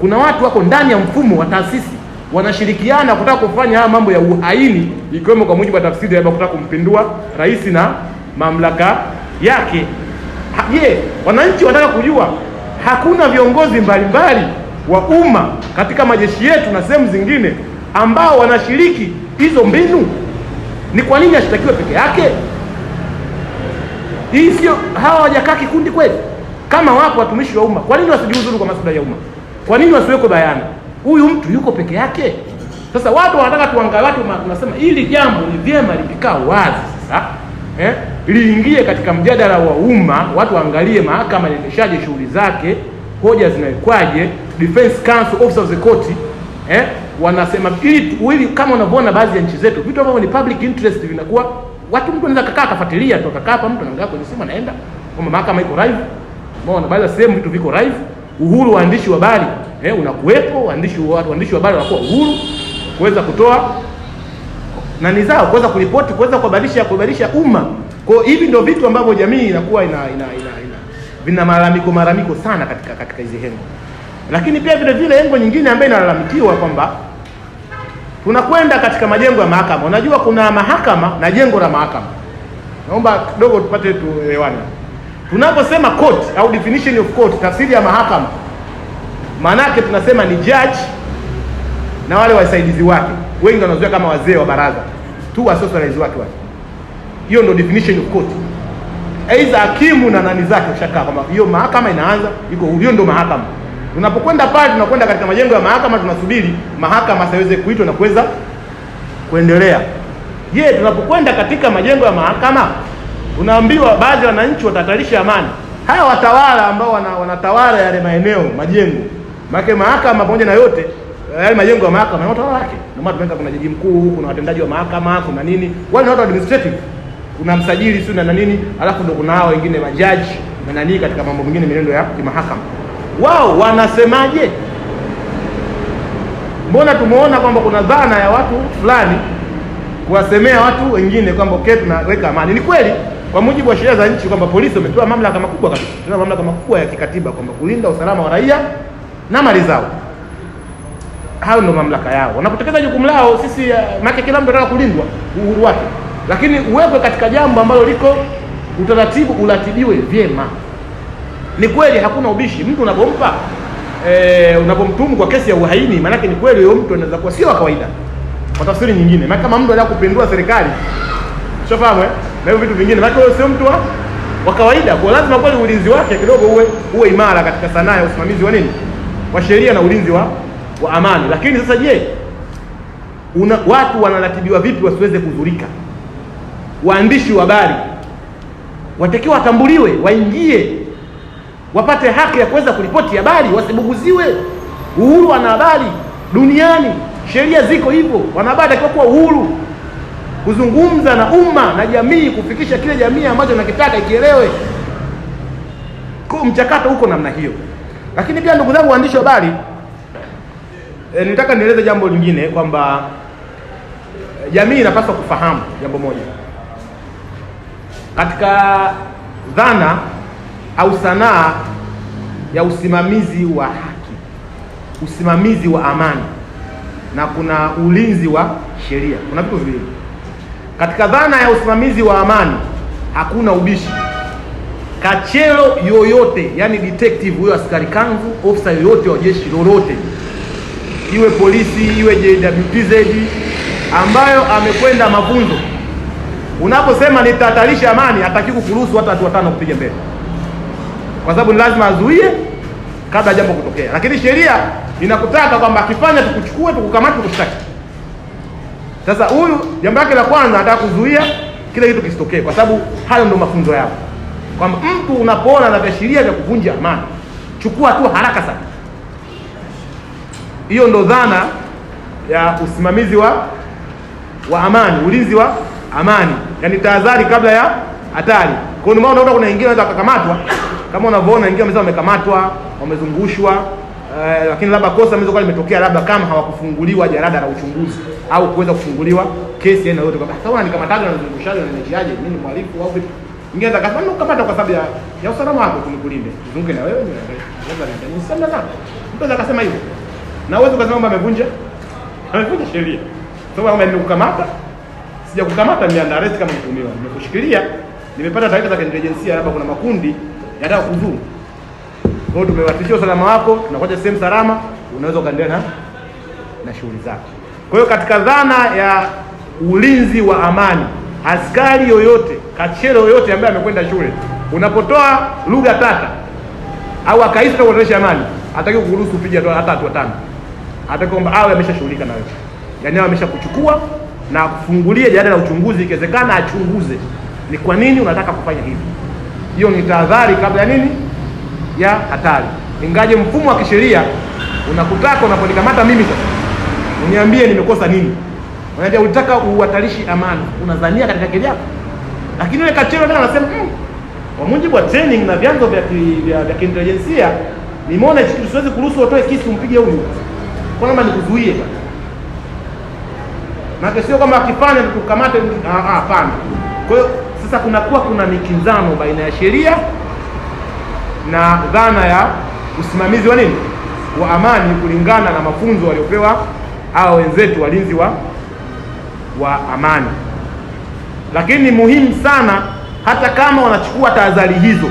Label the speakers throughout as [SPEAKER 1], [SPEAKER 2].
[SPEAKER 1] Kuna watu wako ndani ya mfumo wa taasisi wanashirikiana kutaka kufanya haya mambo ya uhaini, ikiwemo kwa mujibu wa tafsiri ya kutaka kumpindua rais na mamlaka yake. Je, wananchi wanataka kujua hakuna viongozi mbalimbali wa umma katika majeshi yetu na sehemu zingine ambao wanashiriki hizo mbinu? Ni kwa nini ashitakiwe peke yake? Hii sio hawa hawajakaa kikundi kweli? Kama wapo watumishi wa umma, kwa nini wasijiuzuru kwa maslahi ya umma? Kwa nini wasiwekwe bayana? Huyu mtu yuko peke yake. Sasa watu wanataka tuangalie, tunasema ili jambo ni vyema lipikaa wazi sasa eh, liingie katika mjadala wa umma, watu waangalie mahakama inaendeshaje shughuli zake, hoja zinawekwaje, defense counsel officer of the court eh, wanasema ili, ili kama unavyoona baadhi ya nchi zetu vitu ambavyo ni public interest vinakuwa watu, mtu anaweza kukaa akafuatilia tu, akakaa hapa, mtu anaangalia kwenye simu, anaenda kama mahakama iko live. Umeona baadhi ya sehemu vitu viko live uhuru waandishi wa habari eh, unakuwepo. Waandishi wa waandishi wa habari wanakuwa uhuru kuweza kutoa nani zao, kuweza kuripoti, kuweza kubadilisha kubadilisha umma. Kwa hivi ndio vitu ambavyo jamii inakuwa ina, ina, ina, ina vina malalamiko malalamiko sana katika katika hizi hengo, lakini pia vile vile hengo nyingine ambayo inalalamikiwa kwamba tunakwenda katika majengo ya mahakama. Unajua kuna mahakama na jengo la mahakama. Naomba kidogo tupate tuelewane. Tunaposema court au definition of court, tafsiri ya mahakama, maana yake tunasema ni judge na wale wasaidizi wake, wengi wanazoea kama wazee wa baraza tu, wasio wasaidizi wake wale. Hiyo ndio definition of court. Aidha hakimu na nani zake ushakaa kwamba hiyo mahakama inaanza iko, hiyo ndio mahakama. Tunapokwenda pale, tunakwenda katika majengo ya mahakama, tunasubiri mahakama saweze kuitwa na kuweza kuendelea. Je, tunapokwenda katika majengo ya mahakama unaambiwa baadhi ya wananchi watahatarisha amani. Haya watawala ambao wanatawala yale maeneo majengo, maana mahakama pamoja na yote yale majengo ya mahakama ni watawala wake, na maana tumeka, kuna jaji mkuu, kuna watendaji wa mahakama, kuna nini, wale watu administrative, kuna msajili sio na nini, alafu ndio kuna hao wengine majaji na nani katika mambo mengine, minendo ya mahakama. Wao wanasemaje? Mbona tumeona kwamba kuna dhana ya watu fulani kuwasemea watu wengine kwamba okay, tunaweka amani. Ni kweli kwa mujibu wa sheria za nchi kwamba polisi wamepewa mamlaka makubwa kabisa. Tuna mamlaka makubwa ya kikatiba kwamba kulinda usalama wa raia na mali zao. Hayo ndio mamlaka yao, wanapotekeleza jukumu lao. Sisi eh, maana kila mtu anataka kulindwa uhuru wake, lakini uwekwe katika jambo ambalo liko utaratibu, uratibiwe vyema. Ni kweli hakuna ubishi, mtu unapompa eh, unapomtuhumu kwa kesi ya uhaini, maanake ni kweli huyo mtu anaweza kuwa sio wa kawaida, kwa tafsiri nyingine, maana kama mtu anataka kupindua serikali Ushafahamu eh? Na hivyo vitu vingine, maana wewe sio mtu wa kawaida, kwa lazima kweli ulinzi wake kidogo uwe uwe imara katika sanaa ya usimamizi wa nini, wa sheria na ulinzi wa wa amani. Lakini sasa je, una watu wanaratibiwa vipi wasiweze kudhurika? Waandishi wa habari watakiwa watambuliwe, waingie, wapate haki ya kuweza kuripoti habari, wasibuguziwe. Uhuru wanahabari duniani, sheria ziko hivyo, wanahabari watakiwa kuwa uhuru kuzungumza na umma na jamii, kufikisha kile jamii ambacho nakitaka ikielewe. Kwa mchakato huko namna hiyo, lakini pia ndugu zangu waandishi wa habari, e, nitaka nieleze jambo lingine kwamba eh, jamii inapaswa kufahamu jambo moja katika dhana au sanaa ya usimamizi wa haki, usimamizi wa amani na kuna ulinzi wa sheria, kuna vitu viwili katika dhana ya usimamizi wa amani hakuna ubishi. Kachero yoyote, yani detective huyo, askari kanvu, ofisa yoyote wa jeshi lolote, iwe polisi, iwe JWTZ, ambayo amekwenda mafunzo, unaposema nitahatarisha amani, hataki kukuruhusu hata watu watano kupiga mbele, kwa sababu ni lazima azuie kabla jambo kutokea, lakini sheria inakutaka kwamba akifanya tukuchukue, tukukamate, tukushtaki. Sasa huyu jambo lake la kwanza anataka kuzuia kile kitu kisitokee, kwa sababu hayo ndio mafunzo yao, kwamba mtu unapoona na viashiria vya kuvunja amani, chukua tu haraka sana. Hiyo ndo dhana ya usimamizi wa wa amani, ulinzi wa amani, yaani tahadhari kabla ya hatari. Kwa hiyo unaona kuna wengine wanaweza wakakamatwa, kama unavyoona wengine wamekamatwa, wamezungushwa Eh, lakini labda kosa inaweza kuwa limetokea labda kama hawakufunguliwa jarada la uchunguzi au kuweza kufunguliwa kesi na yote, Kwa kama ni kama tano nazungushaje na nijiaje mimi ni mhalifu au vipi Ningeza kama ni ukamata kwa sababu ya ya usalama wako kunikulinde. Zunguke na wewe ni sana sana mtu akasema hivyo na wewe ukasema kwamba amevunja amevunja sheria sababu so, nimekukamata sija kukamata ni under arrest kama mtumiwa nimekushikilia nimepata taarifa za intelligence labda kuna makundi yanataka kudhuru kwa hiyo tumewatishia usalama wako, tunakuja sehemu salama, unaweza ukaendelea na shughuli zako. Kwa hiyo katika dhana ya ulinzi wa amani, askari yoyote, kachero yoyote ambaye amekwenda shule, unapotoa lugha tata au akaisha kuonesha amani, hataki kuruhusu kupiga hata hatua tano, atakiwa awe ameshashughulika na wewe, yaani awe ameshakuchukua na kufungulia jalada la uchunguzi, ikiwezekana achunguze ni kwa nini unataka kufanya hivi. Hiyo ni tahadhari kabla ya nini ya hatari, ingaje mfumo wa kisheria unakutaka unaponikamata mimi sasa uniambie nimekosa nini. Unajua unataka uhatarishi amani, unazania katika akili yako, lakini yule kachero ndio anasema mm, kwa mujibu wa training na vyanzo vya vya, vya kiintelijensia nimeona hichi kitu, siwezi kuruhusu watoe kisu mpige huyu, kwa nini nikuzuie bwana? Maana sio kama akifanya Ah, ah, hapana. Kwa hiyo sasa kunakuwa kuna mikinzano baina ya sheria na dhana ya usimamizi wa nini wa amani kulingana na mafunzo waliopewa hao wenzetu walinzi wa, wa amani. Lakini ni muhimu sana, hata kama wanachukua tahadhari hizo,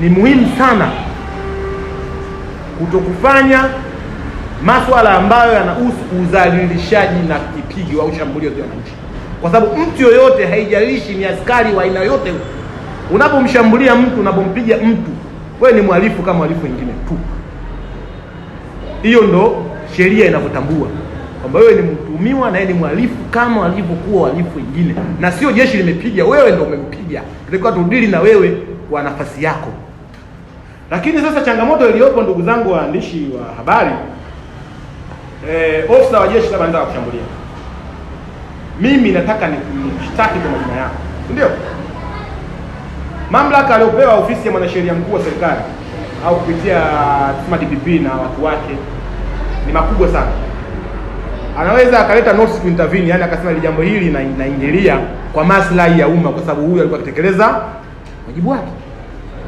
[SPEAKER 1] ni muhimu sana kutokufanya maswala ambayo yanahusu udhalilishaji na kipigo au shambulio dhidi ya wananchi, kwa sababu mtu yoyote, haijalishi ni askari wa aina yote Unapomshambulia mtu, unapompiga mtu, wewe ni mhalifu kama mhalifu wengine tu. Hiyo ndo sheria inavyotambua kwamba wewe ni mtuhumiwa na yeye ni mhalifu kama walivyokuwa wahalifu wengine, na sio jeshi limepiga, wewe ndo umempiga. Tulikuwa tudili na wewe kwa nafasi yako. Lakini sasa changamoto iliyopo, ndugu zangu waandishi wa habari, eh, ofisa wa jeshi labda anataka kushambulia mimi, nataka nikushtaki kwa majina yako, ndio? mamlaka aliyopewa ofisi ya mwanasheria mkuu wa serikali au kupitia tuma uh, DPP na watu wake ni makubwa sana. Anaweza akaleta notice to intervene, yani akasema ile jambo hili inaingilia kwa maslahi ya umma, kwa sababu huyu alikuwa akitekeleza wajibu wake.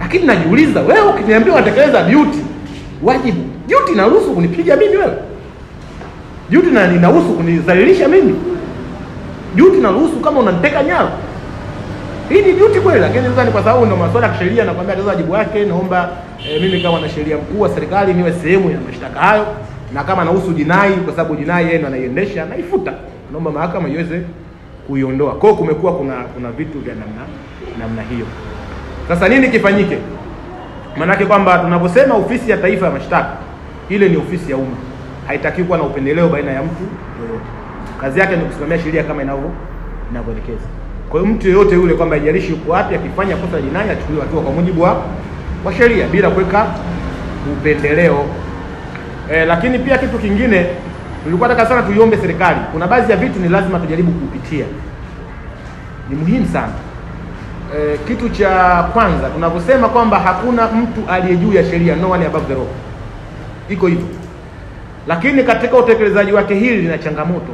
[SPEAKER 1] Lakini najiuliza wewe, ukiniambia unatekeleza duty, wajibu duty, inaruhusu kunipiga mimi wewe? Duty na inaruhusu kunidhalilisha mimi? Duty inaruhusu kama unaniteka nyara hii ni duty kweli, lakini sasa ni kwa sababu ndio masuala ya kisheria nakwambia, tazama wajibu wake. Naomba e, mimi kama na sheria mkuu wa serikali niwe sehemu ya mashtaka hayo, na kama nahusu jinai, kwa sababu jinai yeye ndo anaiendesha, naifuta. Naomba mahakama iweze kuiondoa. Kwa hiyo kumekuwa kuna kuna vitu vya namna namna hiyo. Sasa nini kifanyike? Maanake kwamba tunaposema ofisi ya taifa ya mashtaka, ile ni ofisi ya umma, haitakiwi kuwa na upendeleo baina ya mtu yoyote. Kazi yake ni kusimamia sheria kama inavyo inavyoelekeza. Kwa hiyo mtu yeyote yule kwamba haijalishi yuko wapi, akifanya kosa jinai achukuliwe hatua kwa mujibu wa wa sheria bila kuweka upendeleo. E, lakini pia kitu kingine tulikuwa nataka sana tuiombe serikali, kuna baadhi ya vitu ni lazima tujaribu kupitia, ni muhimu sana e, kitu cha kwanza tunavyosema kwamba hakuna mtu aliye juu ya sheria, no one above the law, iko hivyo, lakini katika utekelezaji wake hili lina changamoto.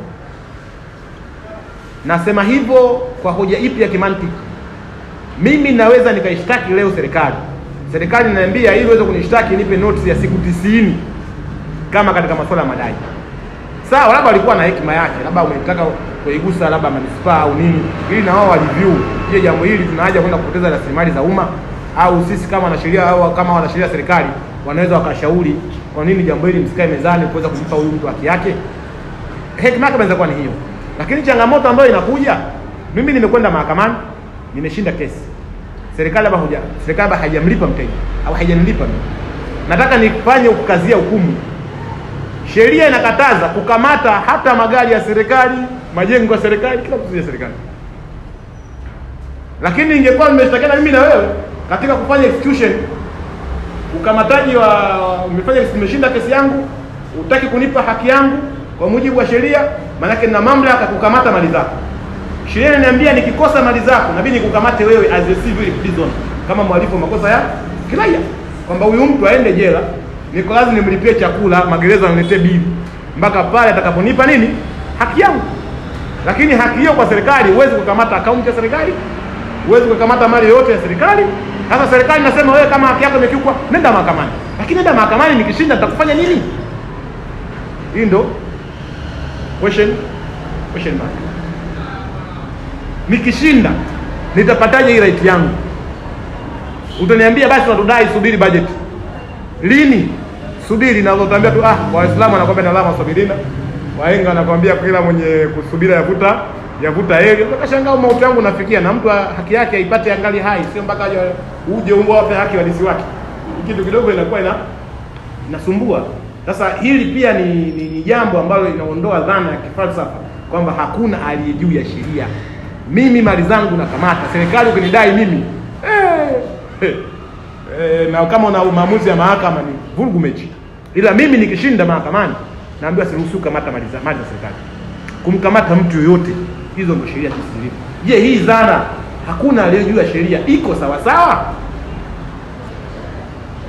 [SPEAKER 1] Nasema hivyo kwa hoja ipi ya kimantiki? Mimi naweza nikaishtaki leo serikali, serikali inaniambia ili uweze kunishtaki nipe notice ya siku tisini kama katika masuala ya madai. Sawa, labda alikuwa na hekima yake, labda umetaka kuigusa labda manispaa au nini, ili na wao walivyu Je, jambo hili haja kwenda kupoteza rasilimali za umma, au sisi kama wanasheria au kama wanasheria serikali wanaweza wakashauri, kwa nini jambo hili msikae mezani kuweza kumpa huyu mtu haki yake? Hekima yake inaweza kuwa ni hiyo. Lakini changamoto ambayo inakuja, mimi nimekwenda mahakamani, nimeshinda kesi, serikali hapa huja serikali haijamlipa mteja au haijanilipa mimi, nataka nifanye kukazia hukumu. Sheria inakataza kukamata hata magari ya serikali, majengo ya serikali, kila kitu ya serikali. Lakini ingekuwa nimeshtakiana mimi na wewe katika kufanya execution ukamataji wa umefanya, nimeshinda kesi yangu, utaki kunipa haki yangu kwa mujibu wa sheria, maanake na mamlaka kukamata mali zako. Sheria inaniambia nikikosa mali zako nabidi nikukamate wewe as a civil prison, kama mhalifu wa makosa ya kiraia, kwamba huyu mtu aende jela, niko lazima nimlipie chakula, magereza aniletee bili mpaka pale atakaponipa nini haki yangu. Lakini haki hiyo kwa serikali, huwezi kukamata akaunti ya serikali, huwezi kukamata mali yoyote ya serikali. Sasa serikali nasema wewe, kama haki yako imekiukwa, nenda mahakamani. Lakini nenda mahakamani, nikishinda nitakufanya nini? Hii ndo question question mark. Nikishinda nitapataje hii right yangu? Utaniambia basi natudai subiri budget. Lini? Subiri na utaniambia tu, ah, Waislamu anakwambia na lama sabirina, wahenga anakwambia kila mwenye kusubira yavuta yavuta heri. Utakashangaa mauti yangu nafikia, na mtu haki yake aipate angali hai, sio mpaka aje uje wape haki walisi wake. Kitu kidogo inakuwa ina nasumbua. Sasa hili pia ni, ni, ni jambo ambalo linaondoa dhana ya kifalsafa kwamba hakuna aliye juu ya sheria. Mimi mali zangu nakamata, serikali ukinidai mimi eh, eh, na kama una maamuzi ya mahakama ni vurugu mechi, ila mimi nikishinda mahakamani naambiwa siruhusu kamata mali za mali za serikali, kumkamata mtu yoyote. Hizo ndio sheria sisi zilivyo. Je, hii dhana hakuna aliye juu ya sheria iko sawa sawa?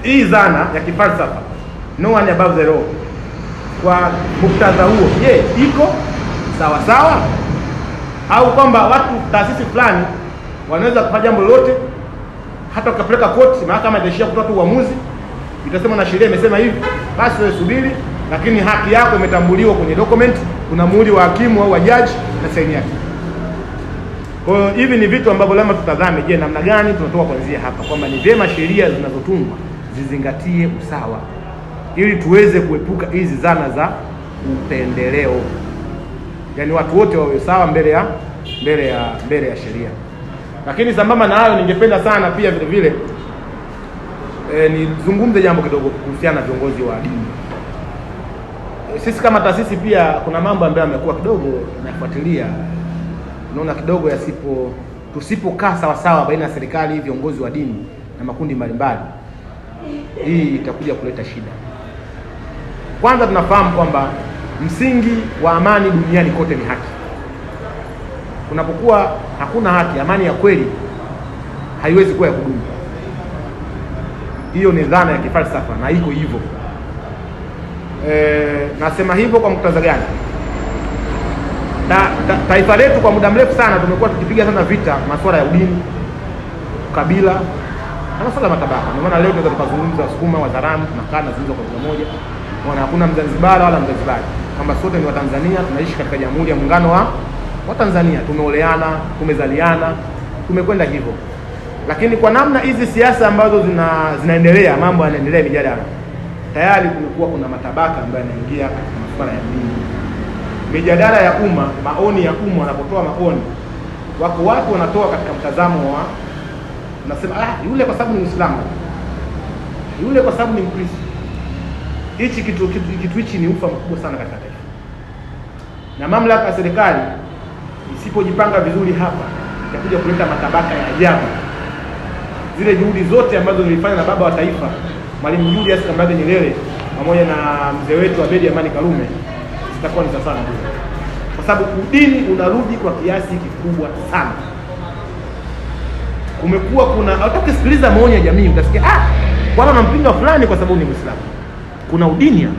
[SPEAKER 1] Hii dhana ya kifalsafa no one above the law. Kwa muktadha huo, je, iko sawa sawa au kwamba watu taasisi fulani wanaweza kufanya jambo lolote, hata ukapeleka koti, mahakama itaishia kutoa tu uamuzi, itasema na sheria imesema hivi, basi wewe subiri, lakini haki yako imetambuliwa kwenye document, kuna muhuri wa hakimu au wa jaji na saini yake. Kwa hiyo hivi ni vitu ambavyo lazima tutazame, je, namna gani tunatoka kuanzia hapa, kwamba ni vyema sheria zinazotungwa zizingatie usawa ili tuweze kuepuka hizi zana za upendeleo, yaani watu wote wawe sawa mbele ya mbele ya mbele ya sheria. Lakini sambamba na hayo, ningependa sana pia vile vile e, nizungumze jambo kidogo kuhusiana na viongozi wa dini. Sisi kama taasisi pia kuna mambo ambayo yamekuwa kidogo nafuatilia, naona kidogo yasipo, tusipokaa sawasawa baina ya serikali, viongozi wa dini na makundi mbalimbali, hii itakuja kuleta shida. Kwanza tunafahamu kwamba msingi wa amani duniani kote ni haki. Kunapokuwa hakuna haki, amani ya kweli haiwezi kuwa ya kudumu. Hiyo ni dhana ya kifalsafa na iko hivyo. E, nasema hivyo kwa muktadha gani? Ta, ta, taifa letu kwa muda mrefu sana tumekuwa tukipiga sana vita masuala ya udini, kabila na masuala ya matabaka. Ndio maana leo tunaweza tukazungumza Wasukuma, Wazaramo tunakaa na zungumza kwa pamoja wana hakuna Mzanzibari wala Mzanzibari, kwamba sote ni Watanzania, tunaishi katika Jamhuri ya Muungano wa wa Tanzania, tumeoleana, tumezaliana, tumekwenda hivyo. Lakini kwa namna hizi siasa ambazo zina, zinaendelea mambo yanaendelea mijadala, tayari kumekuwa kuna matabaka ambayo yanaingia katika masuala ya dini, mijadala ya umma, maoni ya umma. Wanapotoa maoni, wako watu wanatoa katika mtazamo wa, nasema ah, yule kwa sababu ni Muislamu, yule kwa sababu ni Mkristo hichi kitu kitu hichi ni ufa mkubwa sana katika taifa, na mamlaka ya serikali isipojipanga vizuri hapa itakuja kuleta matabaka ya ajabu. Zile juhudi zote ambazo nilifanya na baba wa taifa Mwalimu Julius Kambarage Nyerere pamoja na mzee wetu Abedi Amani Karume zitakuwa ni za sana bure, kwa sababu udini unarudi kwa kiasi kikubwa sana. Kumekuwa kuna hata ukisikiliza maoni ya jamii utasikia ah, bwana anampinga fulani kwa sababu ni Muislamu kuna udinia.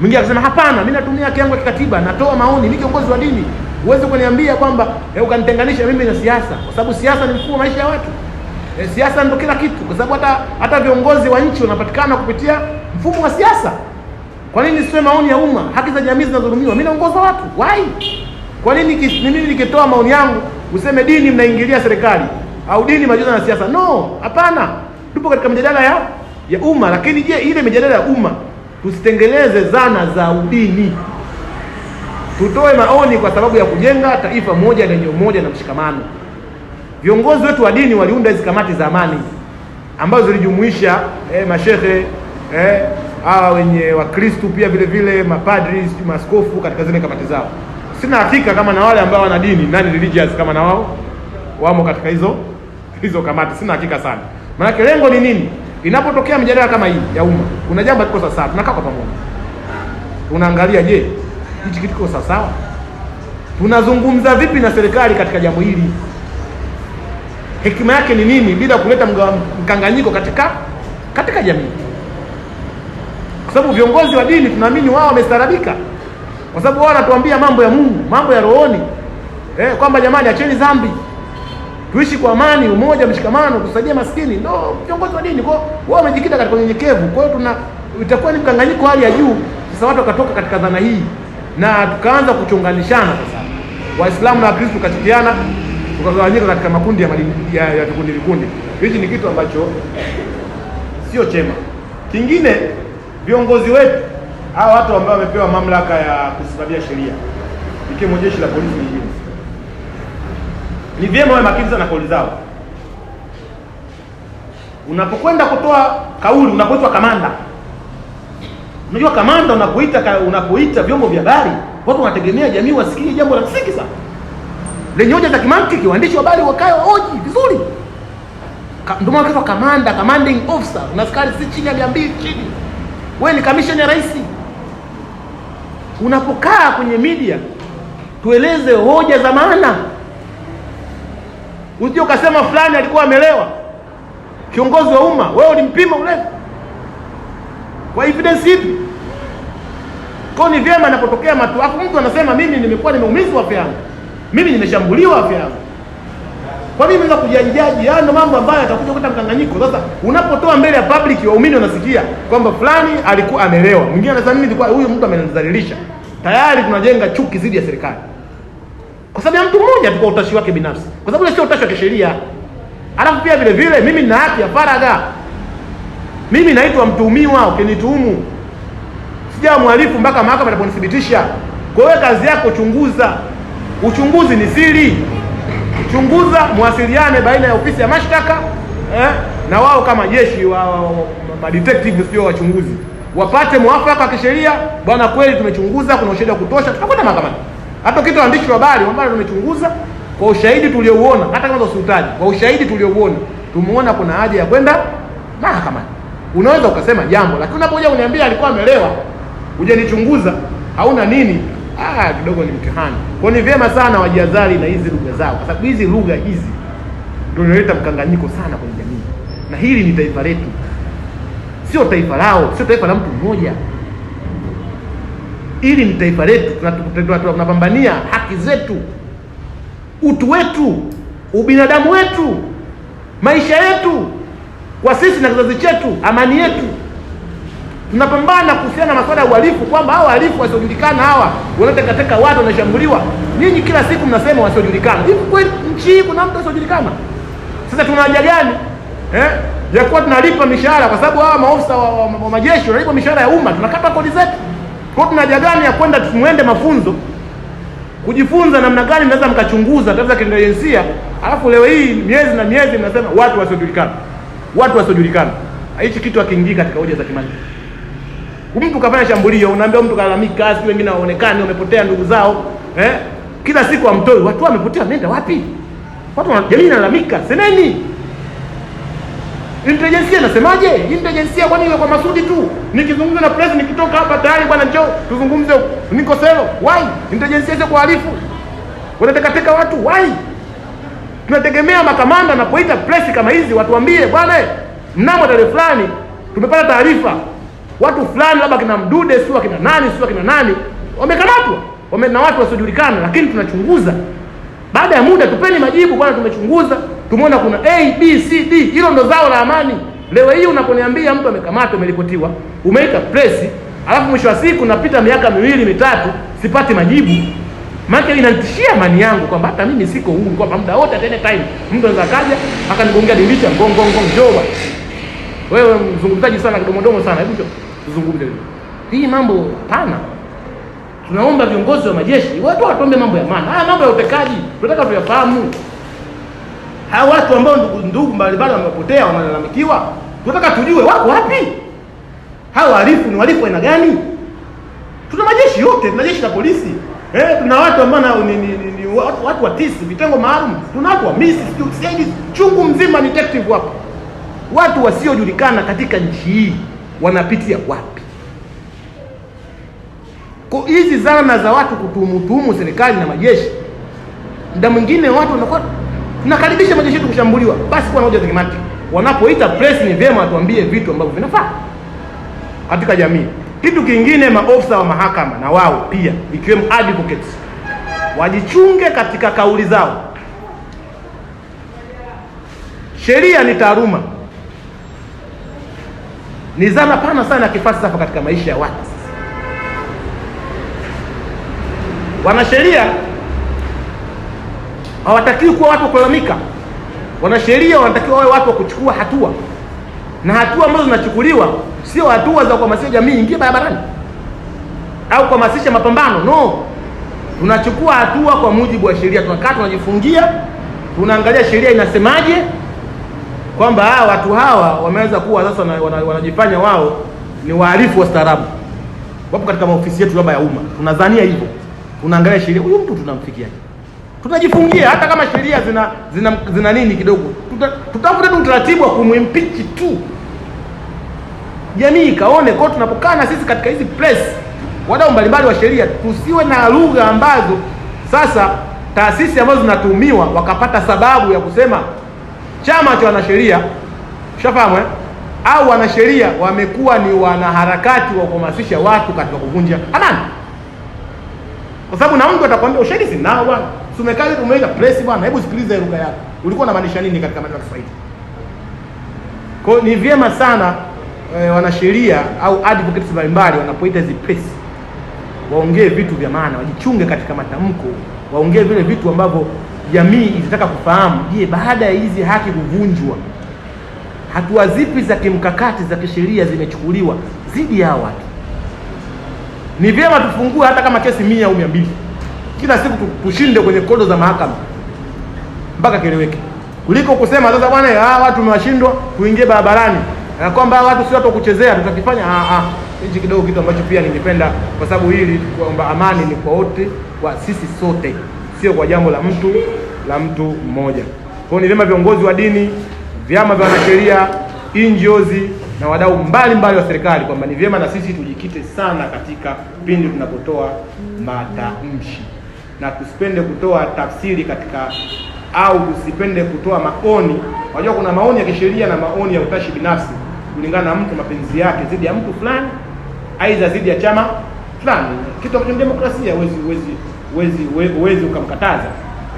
[SPEAKER 1] Mwingine akasema hapana, mimi natumia haki yangu ya kikatiba, natoa maoni, mimi kiongozi wa dini. Huwezi kuniambia kwamba eh, ukanitenganisha mimi na siasa, kwa sababu siasa ni mfumo maisha ya watu. E, siasa ndio kila kitu, kwa sababu hata hata viongozi wa nchi wanapatikana kupitia mfumo wa siasa. Kwa nini sio maoni ya umma? Haki za jamii zinadhulumiwa, mimi naongoza watu why? Kwa nini mimi nikitoa maoni yangu useme dini mnaingilia serikali au dini majuza na siasa? No, hapana. Tupo katika mjadala ya ya umma, lakini je, ile mjadala ya umma Tusitengeneze zana za udini, tutoe maoni kwa sababu ya kujenga taifa moja lenye umoja na mshikamano. Viongozi wetu wa dini waliunda hizi kamati za amani ambazo zilijumuisha eh, mashehe eh, hawa wenye Wakristu pia vile vile mapadri, maskofu katika zile kamati zao. Sina hakika kama na wale ambao wana dini nani religious kama na wao wamo katika hizo hizo kamati, sina hakika sana. Maanake lengo ni nini? Inapotokea mjadala kama hii ya umma, kuna jambo liko sawa sawa, tunakaa kwa pamoja, tunaangalia, je, hichi kitu kiko sawa sawa? Tunazungumza vipi na serikali katika jambo hili? Hekima yake ni nini, bila kuleta mkanganyiko katika katika jamii, kwa sababu viongozi wa dini tunaamini wao wamestarabika, kwa sababu wao wanatuambia mambo ya Mungu, mambo ya rohoni, eh, kwamba jamani, acheni dhambi tuishi kwa amani, umoja, mshikamano, kusaidia maskini, ndo viongozi wa dini. Kwa hiyo wao wamejikita katika unyenyekevu. Kwa hiyo tuna itakuwa ni mkanganyiko hali ya juu. Sasa watu wakatoka katika dhana hii na tukaanza kuchunganishana sasa, Waislamu na Wakristo tukachitiana, tukagawanyika katika makundi ya ya, ya vikundi vikundi. Hichi ni kitu ambacho sio chema. Kingine, viongozi wetu hawa watu ambao wamepewa mamlaka ya kusimamia sheria ikiwemo jeshi la polisi nyingine ni vyema wawe makini sana na kauli zao. Unapokwenda kutoa kauli, unapoitwa kamanda, unajua kamanda unapoita unapoita vyombo vya habari, watu wanategemea jamii wasikie jambo la msingi sana lenye hoja za kimantiki, waandishi wa habari wakae waoji vizuri. Ndio maana unaitwa kamanda, commanding officer, na askari si chini ya mia mbili chini, wewe ni kamishna ya rais. Unapokaa kwenye media, tueleze hoja za maana. Usije ukasema fulani alikuwa amelewa. Kiongozi wa umma, wewe ulimpima ulevu kwa evidence ipi? Kwa ni vyema anapotokea matu, afu mtu anasema mimi nimekuwa nimeumizwa afya yangu, mimi nimeshambuliwa afya yangu, kwa nini mnaweza kujijaji? Haya ndio mambo ambayo atakuja kuta mkanganyiko. Sasa unapotoa mbele ya public, waumini wanasikia kwamba fulani alikuwa amelewa, mwingine anasema mimi nilikuwa, huyu mtu amenidhalilisha. Tayari tunajenga chuki dhidi ya serikali kwa sababu ya mtu mmoja tu kwa utashi wake binafsi, kwa sababu sio utashi wa kisheria. Alafu pia vile vile mimi nina haki ya faragha, mimi naitwa mtuhumiwa. Ukinituhumu sija mhalifu mpaka mahakama inaponithibitisha. Kwa hiyo kazi yako chunguza, uchunguzi ni siri. Chunguza, mwasiliane baina ya ofisi ya mashtaka eh, na wao kama jeshi wa, wa, wa, wa detective sio wachunguzi, wapate mwafaka wa kisheria. Bwana, kweli tumechunguza, kuna ushahidi wa kutosha, tutakwenda mahakamani hata kitu waandishi wa habari ambao tumechunguza kwa ushahidi tuliouona, hata kama usitaji, kwa ushahidi tuliouona tumeona kuna haja ya kwenda mahakamani. Unaweza ukasema jambo, lakini unapokuja kuniambia alikuwa amelewa, hujanichunguza, hauna nini, ah, kidogo ni mtihani. Kwa ni vyema sana wajiadhari na hizi lugha zao, kwa sababu hizi lugha hizi ndio inaleta mkanganyiko sana kwenye jamii, na hili ni taifa letu, sio taifa lao, sio taifa la mtu mmoja ili ni taifa letu, tunapambania haki zetu, utu wetu, ubinadamu wetu, maisha yetu, kwa sisi na kizazi chetu, amani yetu. Tunapambana kuhusiana na masuala ya uhalifu, kwamba hawa wahalifu wasiojulikana hawa wanatekateka watu, wanashambuliwa. Ninyi kila siku mnasema wasiojulikana. Hivi kweli nchi hii kuna mtu asiojulikana? Sasa tuna haja gani eh, ya kuwa tunalipa mishahara? Kwa sababu hawa maofisa wa, wa, wa majeshi wanalipa mishahara ya umma, tunakata kodi zetu kwa tuna haja gani ya kwenda tumwende mafunzo kujifunza namna gani mnaweza mkachunguza tatizo la kiintelijensia, alafu leo hii miezi na miezi mnasema watu wasiojulikana, watu wasiojulikana. Hichi kitu hakiingii katika hoja za kimani. Mtu kafanya shambulio, unaambia mtu kalalamika, si wengine waonekane wamepotea ndugu zao eh? Kila siku amtoi watu wamepotea, nenda wapi? Watu jamii inalalamika, semeni Intelligence nasemaje? Intelligence kwani ile kwa masudi tu. Nikizungumza na press nikitoka hapa tayari bwana njoo tuzungumze niko selo. Why? Intelligence sio kuhalifu. Unateka teka watu why? Tunategemea makamanda anapoita press kama hizi watuambie bwana mnamo tarehe fulani tumepata taarifa watu fulani labda kina Mdude sio akina nani sio akina nani wamekamatwa. Wame na watu wasiojulikana lakini tunachunguza. Baada ya muda tupeni majibu bwana tumechunguza tumeona kuna A, B, C, D. Hilo ndo zao la amani. Leo hii unaponiambia mtu amekamatwa, umeripotiwa, umeita presi, alafu mwisho wa siku napita miaka miwili mitatu sipati majibu, maana inanitishia amani yangu kwamba hata mimi siko huru, kwamba muda wote tena time mtu anaweza kaja akanigongea dirisha gong gong gong, njoo wewe, mzungumzaji sana kidomodomo sana, hebu njoo tuzungumze. Hii mambo pana. Tunaomba viongozi wa majeshi watu watuombe mambo ya maana. Haya mambo ya utekaji tunataka tuyafahamu hawa watu ambao ndugu ndugu mbalimbali wamepotea wanalalamikiwa, tunataka tujue wako wapi hawa wahalifu, ni wahalifu aina gani? Tuna majeshi yote, tuna jeshi la polisi eh, tuna watu ambao ni, ni, ni, ni watu, watu wa tisi vitengo maalum, tuna watu wa misi sijui chungu mzima detective wapo. Watu wasiojulikana katika nchi hii wanapitia wapi? Kwa hizi zana za watu kutumutumu serikali na majeshi, mda mwingine watu wanakuwa Nakaribisha majeshi yetu kushambuliwa, basi kuwa na hoja za kimantiki. Wanapoita press, ni vyema watuambie vitu ambavyo vinafaa katika jamii. Kitu kingine, maofisa wa mahakama na wao pia, ikiwemo advocates, wajichunge katika kauli zao. Sheria ni taaluma, ni zana pana sana ya kifalsafa katika maisha ya watu. Wanasheria hawatakiwi kuwa watu wa kulalamika. Wanasheria wanatakiwa wawe watu wa kuchukua hatua, na hatua ambazo zinachukuliwa sio hatua za kuhamasisha jamii ingie barabarani au kuhamasisha mapambano. No, tunachukua hatua kwa mujibu wa sheria. Tunakaa tunajifungia, tunaangalia sheria inasemaje kwamba hawa watu hawa wameweza kuwa sasa wanajifanya wao ni wahalifu wastaarabu, wapo katika maofisi yetu labda ya umma, tunadhania hivyo. Tunaangalia sheria, huyu mtu tunamfikiaje? tutajifungia hata kama sheria zina zina, zina nini kidogo, tutafute tu utaratibu wa kumwimpichi tu, jamii ikaone Kwa Tunapokaa na sisi katika hizi place, wadau mbalimbali wa sheria, tusiwe na lugha ambazo sasa taasisi ambazo zinatumiwa wakapata sababu ya kusema chama cha wanasheria, ushafahamu eh? au wanasheria wamekuwa ni wanaharakati wa kuhamasisha watu katika kuvunja amani, kwa sababu na mtu atakwambia ushahidi sinao bwana Tumekaa tumeweka press bwana, hebu sikiliza lugha yako, ulikuwa unamaanisha nini katika maneno ya Kiswahili? Kwa ni vyema sana e, wanasheria au advocates mbalimbali wanapoita hizi press waongee vitu vya maana, wajichunge katika matamko, waongee vile vitu ambavyo jamii itataka kufahamu. Je, baada ya hizi haki kuvunjwa, hatua zipi za kimkakati za kisheria zimechukuliwa dhidi ya watu? Ni vyema tufungue hata kama kesi mia au mia mbili kila siku tushinde kwenye kodo za mahakama mpaka kieleweke, kuliko kusema sasa bwana, ah, watu umewashindwa, tuingie barabarani na kwamba watu si watu wa kuchezea, tutakifanya ah, ah. hichi kidogo, kitu ambacho pia ningependa kwa sababu hili kwamba amani ni kwa wote, kwa sisi sote, sio kwa jambo la mtu la mtu mmoja. Kwa hiyo ni vyema viongozi wa dini, vyama vya wanasheria, NGOs na wadau mbalimbali wa serikali kwamba ni vyema na sisi tujikite sana katika pindi tunapotoa matamshi na tusipende kutoa tafsiri katika au tusipende kutoa maoni. Unajua kuna maoni ya kisheria na maoni ya utashi binafsi, kulingana na mtu mapenzi yake zidi ya mtu fulani, aidha zidi ya chama fulani, kitu ambacho demokrasia huwezi huwezi huwezi ukamkataza.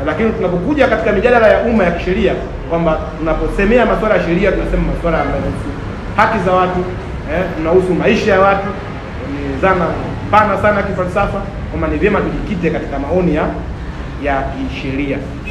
[SPEAKER 1] Lakini tunapokuja katika mijadala ya umma ya kisheria, kwamba tunaposemea masuala ya sheria tunasema masuala yanayohusu haki za watu, eh, tunahusu maisha ya watu, ni zana pana sana kifalsafa kwamba ni vyema tujikite katika maoni ya ya kisheria.